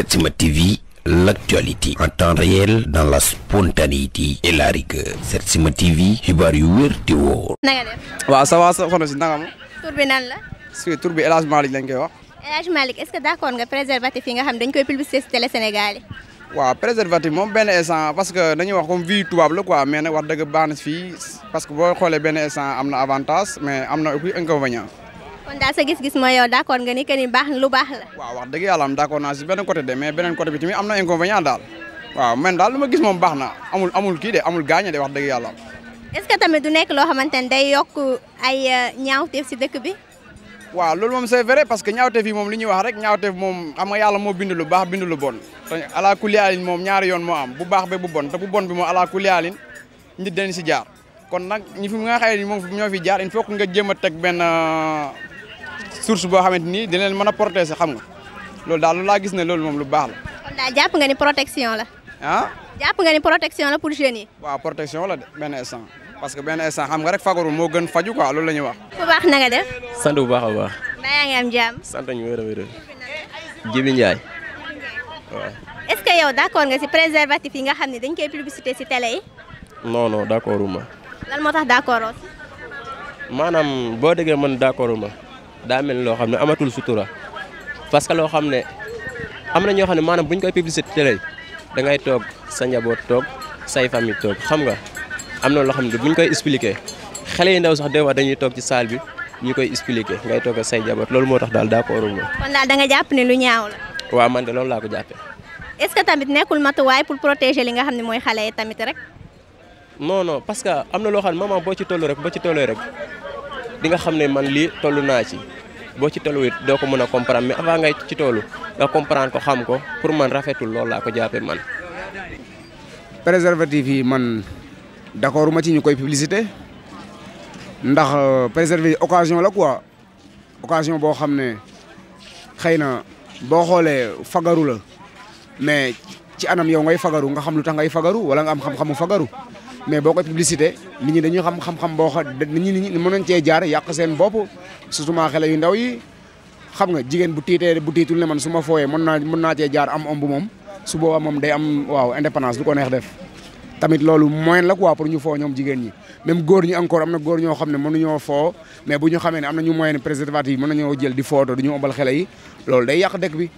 Setsima TV l'actualité en temps réel dans la spontanéité et la rigueur Setsima TV xibaar yu wér di wóor. na nga def. waaw ça va soxna si naka ma. tur bi nan la. si tur bi El Hadj lañ koy wax. El Hadj Malick est-ce que d'accord nga préservatif yi nga xam dañ koy publicité si télé Sénégal yi. waaw préservatif moom benn instant parce que dañuy wax comme vie tubaab la quoi wax dëgg baax fii parce que boo xoolee benn instant am na avantage mais am na inconvénient. kon daal sa gis-gis mooy yow d'accord nga ni que ni baax lu baax la. waaw wax dëgg yàlla am d'accord naa si benn côté de mais beneen côté bi tamit am na inconvénient daal waaw man daal lu ma gis moom baax na amul kii de amul gaañe de wax dëgg yàlla. est-ce que tamit du nekk loo xamante day yokk ay euh, ñaawteef si dëkk moom c'est li ñuy wax rek ñaawteef moom xam nga yàlla moo bind lu baax bind lu bon te ala kuliyaalin moom ñaari yoon moo am bu baax ba bu bon te bu bon bi moom ala si jaar kon nag ñi fi nga xëy ni moom ñoo fi jaar il faut source boo xamante ni dina leen mën a protéger xam nga loolu daal loolu laa gis ne loolu moom lu baax la. kon jàpp nga ni protection la. ah. jàpp nga ni protection la pour jeunes yi. waaw protection la de benn instant parce que benn instant xam nga rek fagaru moo gën faju quoi loolu la ñuy wax. bu baax na nga def. sant bu baax a baax. mbaa yaa ngi am jàmm. sant ñu wér a wér. Jibi Ndiaye waaw. est-ce que yow d'accord nga ci préservatif yi nga xam ne dañ koy publicité ci télé yi. non non d'accorduma. lan moo tax d'accordoo ci. maanaam boo déggee man d'accorduma. daa mel loo xam ne amatul sutura parce que loo xam ne am na ñoo xam ne maanaam bu ñu koy publicité télé da ngay toog sa njaboot toog say famille toog xam nga am na loo xam ne bu ñu koy expliqué ndaw sax des fois dañuy toog ci salle bi ñu koy expliqué ngay toog say njaboot loolu moo tax daal daa ko waruma. kon daal da nga jàpp ne lu ñaaw la. waaw man de loolu laa ko jàppee. est-ce que tamit nekkul matuwaay pour protéger li nga xam ne mooy xale yi tamit rek. non non parce que am na loo xam ne maman boo ci toll rek boo ci tollee rek di nga xam ne man lii toll naa ci boo ci tollu doo ko mën a comprendre mais avant ngay ci tollu nga comprendre ko xam ko pour man rafetul loolu laa ko jàppee man. préservatif yi man d'accord ma ci ñu koy publicité ndax euh, préserver occasion la quoi occasion boo xam ne xëy na boo xoolee fagaru la mais ci anam yow ngay fagaru nga xam lu tax ngay fagaru wala nga am xam-xamu fagaru. mais boo ko publicité nit ñi dañuy xam xam-xam boo xam nit ñi nit ñi nañ cee jaar yàq seen bopp surtout maa yu ndaw yi xam nga jigéen bu tiitee bu tiitul ne man su ma fooyee mën naa mën naa cee jaar am omb moom su boobaa moom day am waaw indépendance du ko loolu moyen la ñu foo ñoom jigéen ñi même góor ñi encore am na góor ñoo xam ne mais bu ñu xamee ne am nañu moyen préservatif mën nañoo jël di photo du ñu ombal xale yi loolu day yàq dëkk bi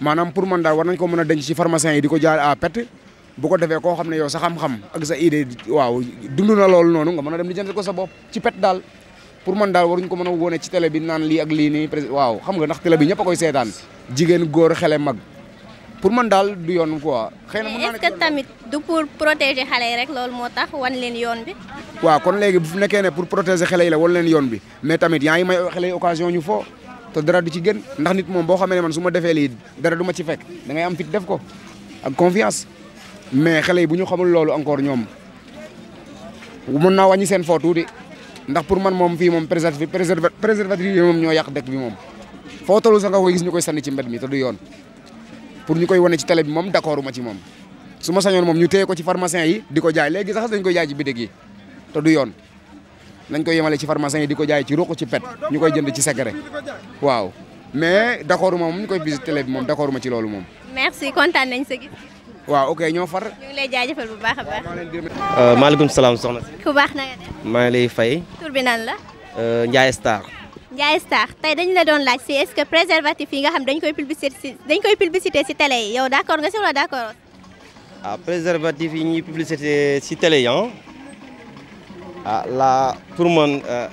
maanaam pour man daal war nañ ko mën a denc ci pharmacien yi di ko jaar à pet bu ko defee koo xam ne yow sa xam-xam ak sa idée waaw dund na loolu noonu nga mën a dem di jënd ko sa bopp ci pet daal pour man daal waruñ ko mën a wone ci télé bi naan li ak lii nii waaw xam nga ndax télé bi ñëpp a koy seetaan jigéen góor xale mag pour man daal du yoon quoi. xëy na mën naa est-ce que tamit du pour wan leen yoon bi. waaw kon léegi bu nekkee ne pour protéger xale yi la wan leen yoon bi mais tamit yaa ngi may xale yi occasion ñu foo te dara du ci gën ndax nit moom boo xamee ne man su ma defee lii dara du ma ci fekk da ngay am fit def ko ak confiance. mais xale yi bu ñu xamul loolu encore ñoom mën naa wàññi seen foo tuuti ndax pour man moom fii moom préservé préservatif yi moom ñoo yàq dëkk bi moom. foo tollu sax nga koy gis ñu koy sànni ci mbed mi te du yoon pour ñu koy wane ci télé bi moom d'accord ma ci moom su ma sañoon moom ñu téye ko ci pharmacien yi di ko jaay léegi sax dañ koy jaay ci bitig yi te du yoon nañ koy yemale ci pharmacien yi di ko jaay ci ruq ci pet ñu koy jënd ci secret waaw mais d'accord moom ñu koy visite télé bi moom d'accord ma ci loolu moom. merci waaw ok ñoo far. ñu ngi lay jaajëfal bu baax a baax. Euh, maaleykum salaam soxna si. ku baax na nga def. maa ngi lay fay. tur la. Euh, Ndiaye Star. Ndiaye Star tey dañu la doon laaj si est-ce préservatif yi nga xam dañ koy publicité si dañ koy si télé yi yow d'accord nga si wala d'accord. ah préservatif yi ñuy publicité si télé yi ah là pour man euh,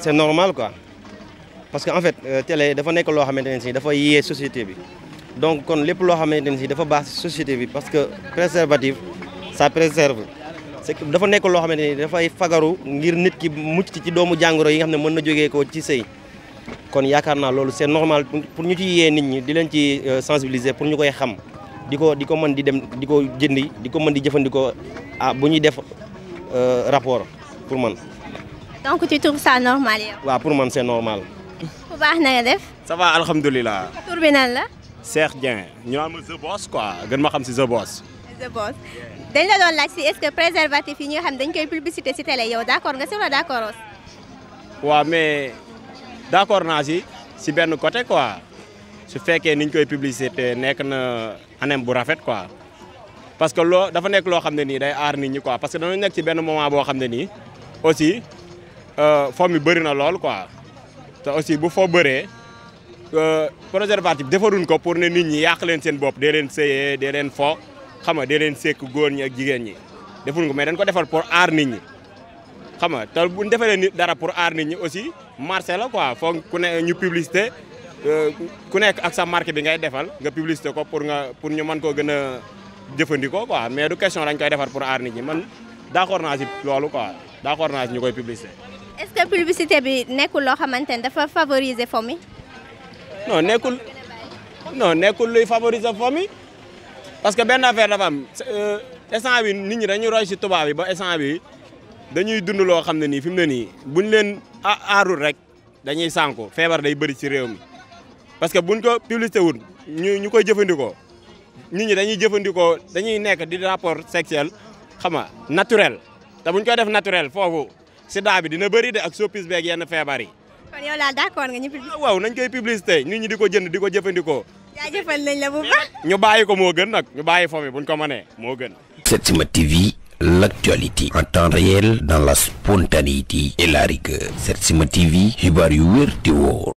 c'est normal quoi parce que en fait télé dafa nekk loo xamante ne si dafa yee société bi. donc kon lépp loo xamante ne si dafa baax si société bi parce que préservatif ça préserve c'est dafa nekk loo xamante ni dafay fagaru ngir nit ki mucc ci doomu jàngoro yi nga xam ne mën na jógee ko ci sëy kon yaakaar naa loolu seen normal pour ñu ci yee nit ñi di leen ci euh, sensibiliser pour ñu koy xam di ko di ko mën di dem di ko jëndi di ko mën di jëfandikoo ah bu ñuy def euh, rapport pour man. donc tu trouves ça normal yow. waaw pour man seen normal. bu baax na Cheikh Dieng ñu naan ma The Boss quoi gën ma xam si The Boss. The Boss dañ la doon laaj si est-ce yi nga xam dañ koy publicité si télé yow d'accord nga si wala d'accord waaw mais d'accord naa si si benn côté quoi su fekkee niñ koy publicité nekk na anam bu rafet quoi parce que loo dafa nekk loo xam ne nii day aar nit ñu quoi parce que dañoo nekk ci benn moment boo xam ne nii aussi euh, fo mi bëri na lool quoi te aussi bu foo bëree. Euh, préservatif defaruñ ko pour ne nit ñi yàq leen seen bopp dee leen sëyee dee leen fo xam nga dee leen sekk góor ñi ak jigéen ñi defuñ ko mais dañ ko defar por aar nit ñi xam nga te bu ñu defalee nit dara pour aar nit ñi aussi la quoi foog ku ne ñu publicité euh, ku nekk ak sa marque bi ngay defal nga publicité ko pour nga pour ñu mën koo gën a jëfandikoo quoi mais du question dañ koy defar pour ar nit ñi man d'accord naa si loolu quoi d'accord naa si ñu koy publicité. est-ce que publicité bi nekkul dafa favoriser fo non nekkul non nekkul luy favoriser famille parce que benn affaire dafa am euh, instant bi nit ñi dañuy roy tubaab yi ba instant bi dañuy dund loo xam ne nii fi mu ne nii buñ leen aarul rek dañuy sànku feebar day bëri ci réew mi parce que buñ ko publicité wul ñu ñu koy jëfandikoo nit ñi dañuy jëfandikoo dañuy nekk di rapport sexuel xam nga naturel te buñ koy def naturel foofu sida bi dina bëri de ak soppis beeg yenn feebar yi kon yow daal d'accord nga ñu publicité ah, waaw nañ koy publicité nit ñi di ko jënd di ko jëfandikoo. jaajëfal nañ la bu baax. ñu bàyyi ko moo gën nag ñu bàyyi foofu buñ ko mënee moo gën. Setsima TV l'actualité en temps réel dans la spontanéité et la rigueur Setsima TV xibaar yu wér te wóor.